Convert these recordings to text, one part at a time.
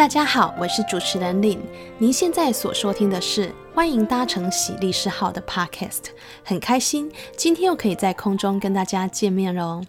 大家好，我是主持人 Lynne。您現在所收聽的是歡迎搭乘喜力士號的 Podcast。很開心，今天又可以在空中跟大家見面嘍。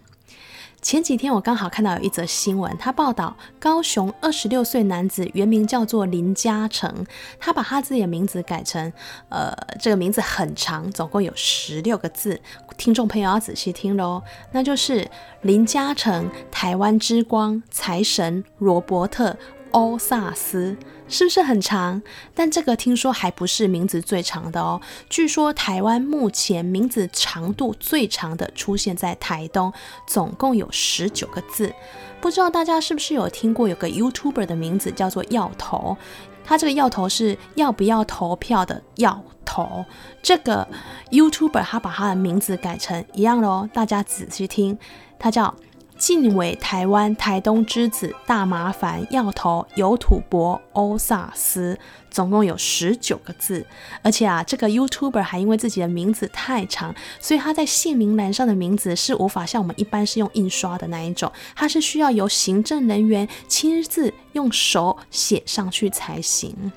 前幾天我剛好看到有一則新聞，他報道高雄二十六歲男子原名叫做林嘉誠，他把他自己的名字改成呃，這個名字很長，總共有十六個字，聽眾朋友要仔細聽嘍，那就是林嘉誠，台灣之光，財神，羅伯特。歐薩斯，是不是很長？但這個聽說還不是名字最長的哦。據說台灣目前名字長度最長的出現在台東，總共有十九個字。不知道大家是不是有聽過有個 Youtuber 的名字叫做「要投」，他這個「要投」是要不要投票的「要投」。這個 Youtuber 他把他的名字改成一樣哦，大家仔細聽，他叫，晉偉、台灣、台東之子、大麻煩、藥頭、油土伯、歐薩斯，總共有十九個字。而且啊，這個 YouTuber 還因為自己的名字太長，所以他在姓名欄上的名字是無法像我們一般是用印刷的那一種，他是需要由行政人員親自用手寫上去才行。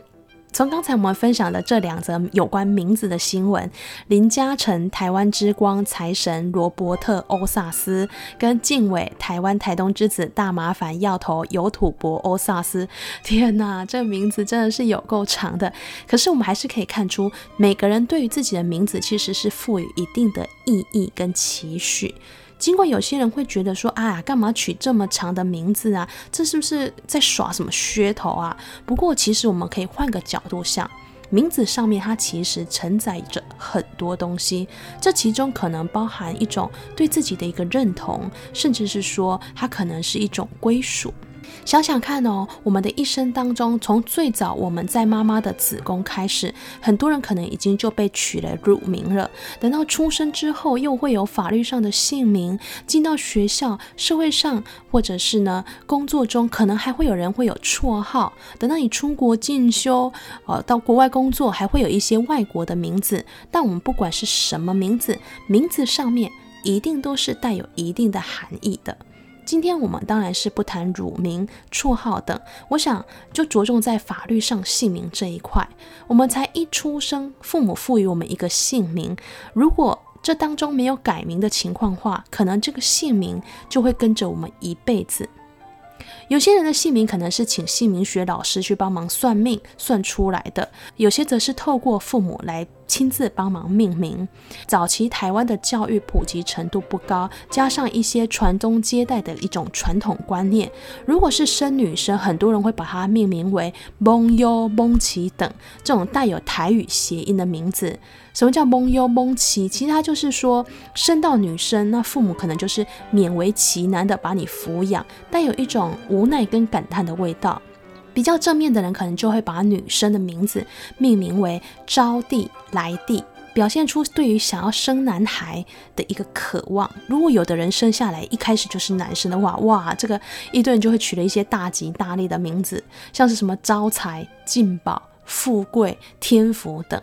從剛才我們分享的這兩則有關名字的新聞，林嘉誠（台灣之光、財神）、羅伯特·歐薩斯跟靖偉（台灣台東之子、大麻煩、藥頭、有土伯歐薩斯），天吶，這名字真的是有夠長的。可是我們還是可以看出，每個人對於自己的名字其實是賦予一定的意義跟期許。儘管有些人會覺得說啊，幹嘛取這麼長的名字啊？這是不是在耍什麼噱頭啊？不過其實我們可以換個角度想，名字上面它其實承載着很多東西，這其中可能包含一種對自己的一個認同，甚至是說它可能是一種歸屬。想想看哦，我們的一生當中，從最早我們在媽媽的子宮開始，很多人可能已經就被取了乳名了。等到出生之後，又會有法律上的姓名，進到學校、社會上，或者是呢工作中，可能還會有人會有綽號。等到你出國進修，呃，到國外工作，還會有一些外國的名字。但我們不管是什麼名字，名字上面一定都是帶有一定的含義的。今天我們當然是不談乳名、綽號等，我想就着重在法律上姓名這一塊。我們才一出生，父母賦予我們一個姓名，如果這當中沒有改名的情況的話，可能這個姓名就會跟着我們一輩子。有些人的姓名可能是請姓名學老師去幫忙算命算出來的，有些則是透過父母來親自幫忙命名。早期台灣的教育普及程度不高，加上一些傳宗接代的一種傳統觀念，如果是生女生，很多人會把她命名為蒙悠、蒙奇等這種帶有台語諧音的名字。什麼叫蒙悠、蒙奇？其實它就是說生到女生，那父母可能就是勉為其難地把你撫養，但有一種無奈跟感嘆的味道，比較正面的人可能就會把女生的名字命名為招娣、來娣，表現出對於想要生男孩的一個渴望。如果有的人生下來一開始就是男生的話，哇，這個一堆人就會取了一些大吉大利的名字，像是什麼招財、進寶、富貴、天福等。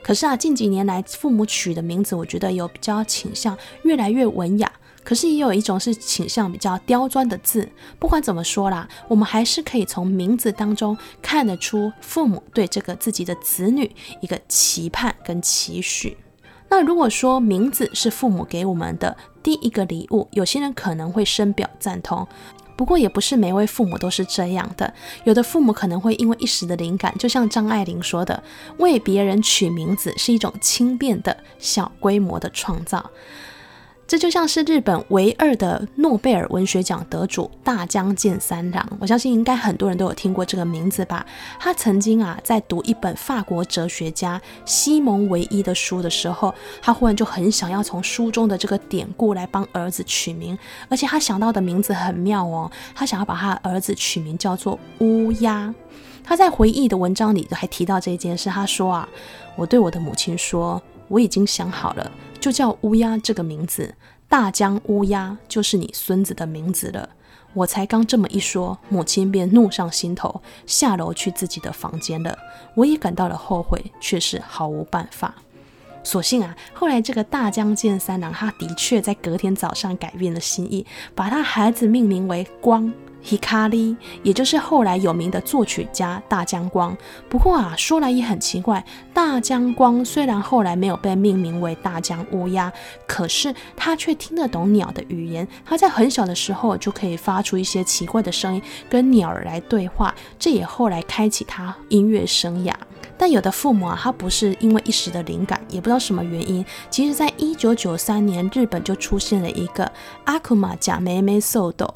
可是啊，近幾年來父母取的名字，我覺得有比較傾向越來越文雅。可是也有一種是傾向比較刁鑽的字。不管怎麼說啦，我們還是可以從名字當中看得出父母對這個自己的子女一個期盼跟期許。那如果說名字是父母給我們的第一個禮物，有些人可能會深表贊同。不過也不是每位父母都是這樣的，有的父母可能會因為一時的靈感，就像張愛玲說的，為別人取名字是一種輕便的小規模的創造。這就像是日本唯二的諾貝爾文學獎得主大江健三郎，我相信應該很多人都有聽過這個名字吧？他曾經啊，在讀一本法國哲學家西蒙薇依的書的時候，他忽然就很想要從書中的這個典故來幫兒子取名，而且他想到的名字很妙哦，他想要把他兒子取名叫做烏鴉。他在回憶的文章裡都還提到這件事，他說啊，我對我的母親說，我已經想好了。就叫烏鴉這個名字，大江烏鴉就是你孫子的名字了。我才剛這麼一說，母親便怒上心頭，下樓去自己的房間了。我也感到了後悔，卻是毫無辦法。所幸啊，後來這個大江健三郎，他的確在隔天早上改變了心意，把他孩子命名為光。ヒカリ，也就是後來有名的作曲家大江光。不過啊，說來也很奇怪，大江光雖然後來沒有被命名為大江烏鴉，可是他卻聽得懂鳥的語言。他在很小的時候就可以發出一些奇怪的聲音，跟鳥兒來對話，這也後來開啟他音樂生涯。但有的父母啊，他不是因為一時的靈感，也不知道什麼原因。其實在一九九三年，日本就出現了一個阿庫瑪假梅梅獸斗。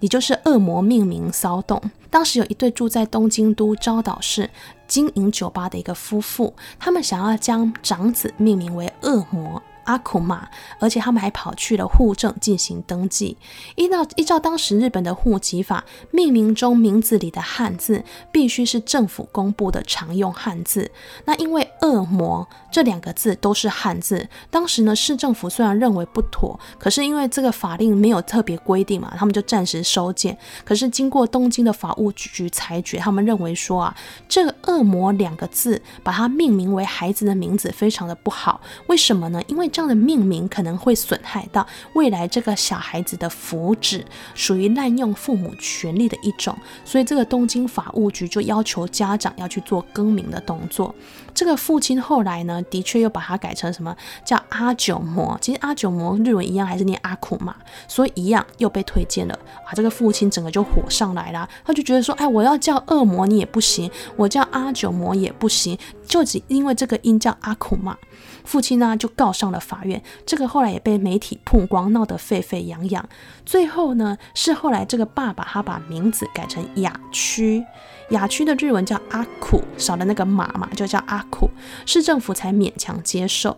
也就是惡魔命名騷動，當時有一對住在東京都昭島市經營酒吧的一個夫婦，他們想要將長子命名為惡魔。阿庫瑪，而且他們還跑去了戶政進行登記。依照依照當時日本的戶籍法，命名中名字裡的漢字必須是政府公布的常用漢字。那因為“惡魔”這兩個字都是漢字，當時呢，市政府雖然認為不妥，可是因為這個法令沒有特別規定嘛，他們就暫時收件。可是經過東京的法務局裁決，他們認為說啊，這個“惡魔”兩個字把它命名為孩子的名字，非常的不好。為什麼呢？因為這樣的命名可能會損害到未來這個小孩子的福祉，屬於濫用父母權利的一種，所以這個東京法務局就要求家長要去做更名的動作。這個父親後來呢，的確又把他改成什麼叫阿九魔，其實阿九魔日文一樣還是念阿庫嘛，所以一樣又被推薦了啊，這個父親整個就火上來了，他就覺得說，哎，我要叫惡魔你也不行，我叫阿九魔也不行，就只因為這個音叫阿庫嘛，父親呢就告上了法院，這個後來也被媒體曝光，鬧得沸沸揚揚，最後呢是後來這個爸爸他把名字改成雅曲。雅區的日文叫阿苦，少了那個馬嘛，就叫阿苦，市政府才勉強接受。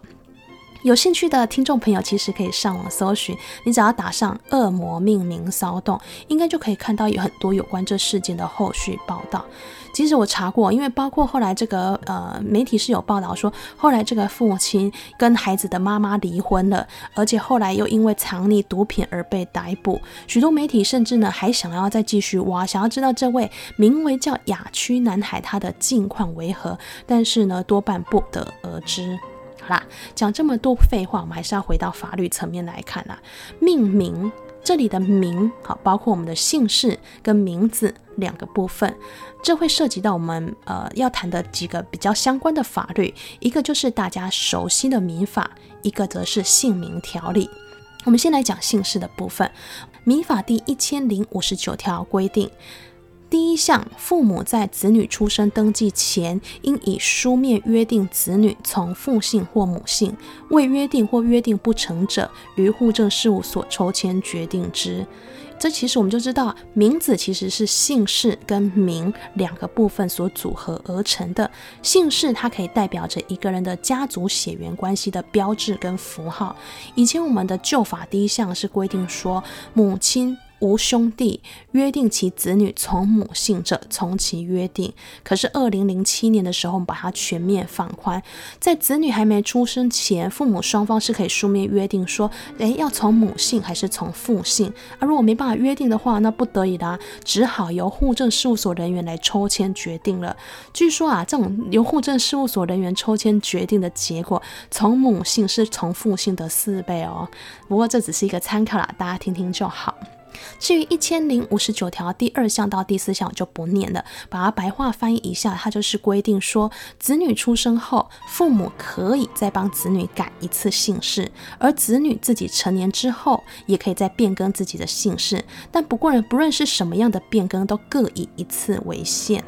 有興趣的聽眾朋友，其實可以上網搜尋，你只要打上“惡魔命名騷動”，應該就可以看到有很多有關這事件的後續報道。其實我查過，因為包括後來這個呃媒體是有報道說，後來這個父親跟孩子的媽媽離婚了，而且後來又因為藏匿毒品而被逮捕。許多媒體甚至呢還想要再繼續挖，想要知道這位名為叫雅區南海他的近況為何，但是呢多半不得而知。好啦，講這麼多廢話，我們還是要回到法律層面來看啦。命名這裡的名，好，包括我們的姓氏跟名字兩個部分，這會涉及到我們呃要談的幾個比較相關的法律，一個就是大家熟悉的民法，一個則是姓名條例。我們先來講姓氏的部分，《民法》第一千零五十九條規定，第一項，父母在子女出生登記前，應以書面約定子女從父姓或母姓；未約定或約定不成者，於戶政事務所抽籤決定之。這其實我們就知道，名字其實是姓氏跟名兩個部分所組合而成的。姓氏它可以代表着一個人的家族血緣關係的標誌跟符號。以前我們的舊法，第一項是規定說，母親。無兄弟約定其子女從母姓者，從其約定。可是二零零七年的時候，我們把它全面放寬，在子女還沒出生前，父母雙方是可以書面約定說，誒，要從母姓還是從父姓。而、啊、如果沒辦法約定的話，那不得已啦、啊，只好由戶政事務所人員來抽籤決定了。據說啊，這種由戶政事務所人員抽籤決定的結果，從母姓是從父姓的四倍哦。不過這只是一個參考啦，大家聽聽就好。至於一千零五十九條第二項到第四項，我就不念了，把它白話翻譯一下，它就是規定說，子女出生後，父母可以再幫子女改一次姓氏，而子女自己成年之後，也可以再變更自己的姓氏，但不過呢，不論是什麼樣的變更，都各以一次為限。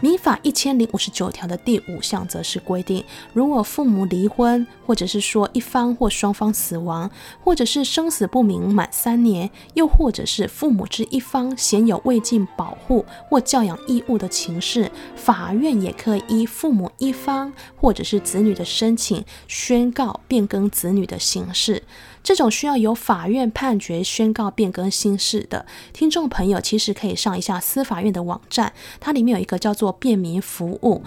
民法一千零五十九條的第五項則是規定，如果父母離婚，或者是說一方或雙方死亡，或者是生死不明滿三年，又或者是父母之一方顯有未盡保護或教養義務的情事，法院也可以依父母一方或者是子女的申請，宣告變更子女的姓氏。這種需要由法院判決宣告變更姓氏的聽眾朋友，其實可以上一下司法院的網站，它裡面有一個叫做便民服務。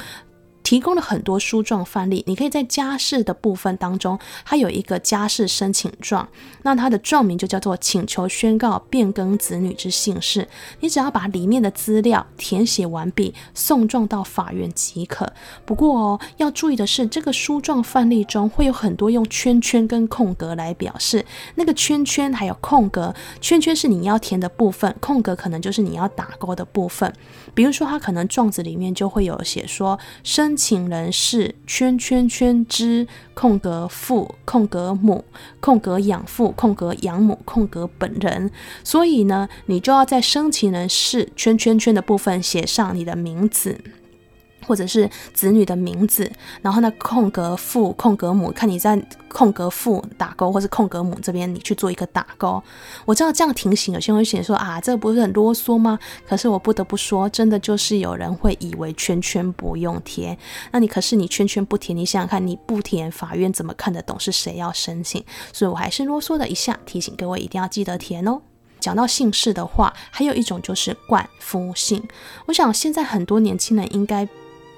提供了很多書狀範例，你可以在家事的部分當中，它有一個家事申請狀，那它的狀名就叫做“請求宣告變更子女之姓氏”。你只要把裡面的資料填寫完畢，送狀到法院即可。不過哦，要注意的是，這個書狀範例中會有很多用圈圈跟空格來表示，那個圈圈還有空格，圈圈是你要填的部分，空格可能就是你要打勾的部分。比如說，他可能狀子裡面就會有寫說，申請人是圈圈圈之空格父空格母空格養父空格養母空格本人，所以呢，你就要在申請人是圈圈圈的部分寫上你的名字。或者是子女的名字，然後呢，空格父、空格母，看你在空格父打勾，或是空格母這邊，你去做一個打勾。我知道這樣提醒有些會嫌說啊，這不是很囉嗦嗎？可是我不得不說，真的就是有人會以為圈圈不用填。那你可是你圈圈不填，你想想看，你不填，法院怎麼看得懂是誰要申請？所以我還是囉嗦了一下，提醒各位一定要記得填哦。講到姓氏的話，還有一種就是冠夫姓。我想現在很多年輕人應該。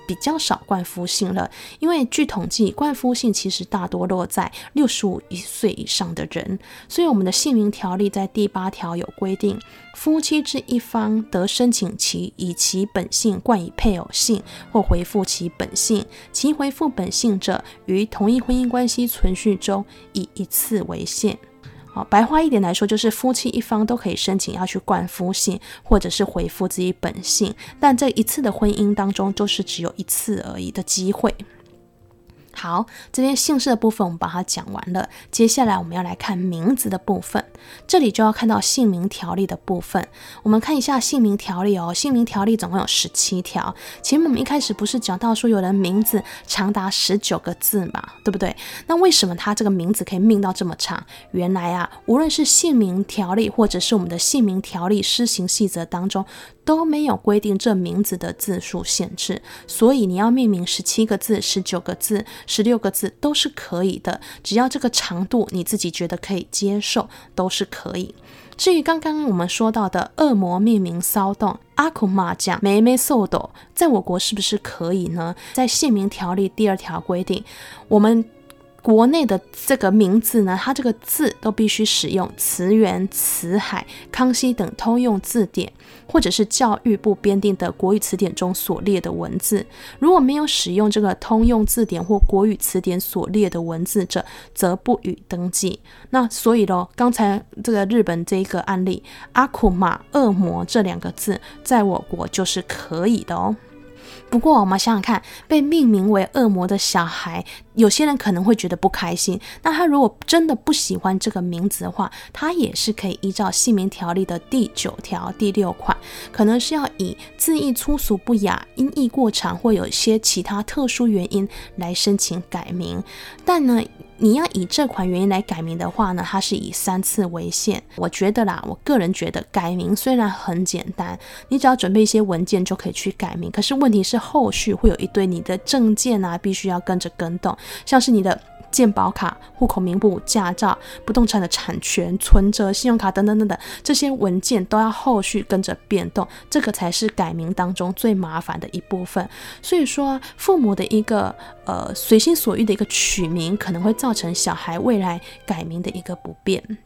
比較少冠夫姓了，因為據統計，冠夫姓其實大多落在六十五一歲以上的人。所以我們的姓名條例在第八條有規定：夫妻之一方得申請其以其本姓冠以配偶姓，或回復其本姓。其回復本姓者，於同一婚姻關係存續中以一次為限。白話一點來說，就是夫妻一方都可以申請要去冠夫姓，或者是恢復自己本姓，但這一次的婚姻當中，就是只有一次而已的機會。好，這邊姓氏的部分我們把它講完了，接下來我們要來看名字的部分，這裡就要看到姓名條例的部分。我們看一下姓名條例哦，姓名條例總共有十七條。前面我們一開始不是講到說有人名字長達十九個字嘛，對不對？那為什麼他這個名字可以命到這麼長？原來啊，無論是姓名條例或者是我們的姓名條例施行細則當中都沒有規定這名字的字數限制，所以你要命名十七個字、十九個字，十六個字都是可以的，只要這個長度你自己覺得可以接受，都是可以。至於剛剛我們說到的惡魔命名騷動、阿庫瑪醬、梅梅速斗，在我國是不是可以呢？在姓名條例第二條規定，我們。國內的這個名字呢，它這個字都必須使用《辭源》《辭海》《康熙》等通用字典，或者是教育部編定的《國語詞典》中所列的文字。如果沒有使用這個通用字典或《國語詞典》所列的文字者，則不予登記。那所以咯，剛才這個日本這一個案例，“阿庫瑪”“惡魔”這兩個字，在我國就是可以的哦。不過，我們想想看，被命名為惡魔的小孩，有些人可能會覺得不開心。那他如果真的不喜歡這個名字的話，他也是可以依照姓名條例的第九條第六款，可能是要以字義粗俗不雅、音譯過長或有一些其他特殊原因來申請改名。但呢，你要以這款原因來改名的話呢，它是以三次為限。我覺得啦，我個人覺得改名雖然很簡單，你只要準備一些文件就可以去改名。可是問題是後續會有一堆你的證件啊，必須要跟着跟動，像是你的健保卡、戶口名簿、駕照、不動產的產權、存摺、信用卡等等等等，這些文件都要後續跟着變動。這個才是改名當中最麻煩的一部分。所以說啊，父母的一個呃隨心所欲的一個取名，可能會造。造成小孩未來改名的一個不便。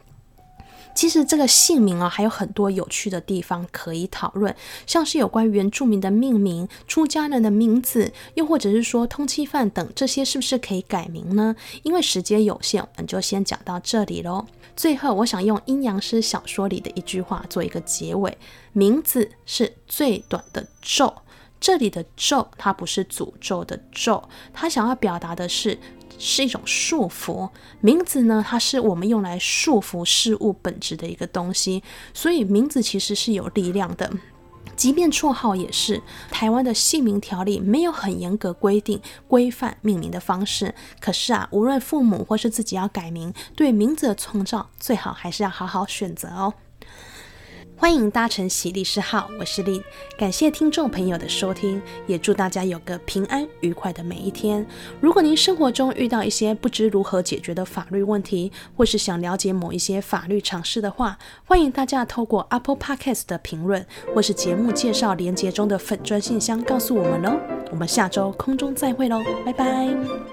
其實這個姓名啊，還有很多有趣的地方可以討論，像是有關原住民的命名、出家人的名字，又或者是說通緝犯等，這些是不是可以改名呢？因為時間有限，我們就先講到這裡嘍。最後，我想用《陰陽師》小說裡的一句話做一個結尾：名字是最短的咒。這裡的咒，它不是詛咒的咒，它想要表達的是是一種束縛，名字呢，它是我們用來束縛事物本質的一個東西，所以名字其實是有力量的，即便綽號也是。台灣的姓名條例沒有很嚴格規定規範命名的方式，可是啊，無論父母或是自己要改名，對名字的創造，最好還是要好好選擇哦。歡迎搭乘喜律師號，我是 Lynne。感謝聽眾朋友的收聽，也祝大家有個平安愉快的每一天。如果您生活中遇到一些不知如何解決的法律問題，或是想了解某一些法律常識的話，歡迎大家透過 Apple Podcast 的評論，或是節目介紹連結中的粉專信箱告訴我們哦。我們下周空中再會嘍，拜拜。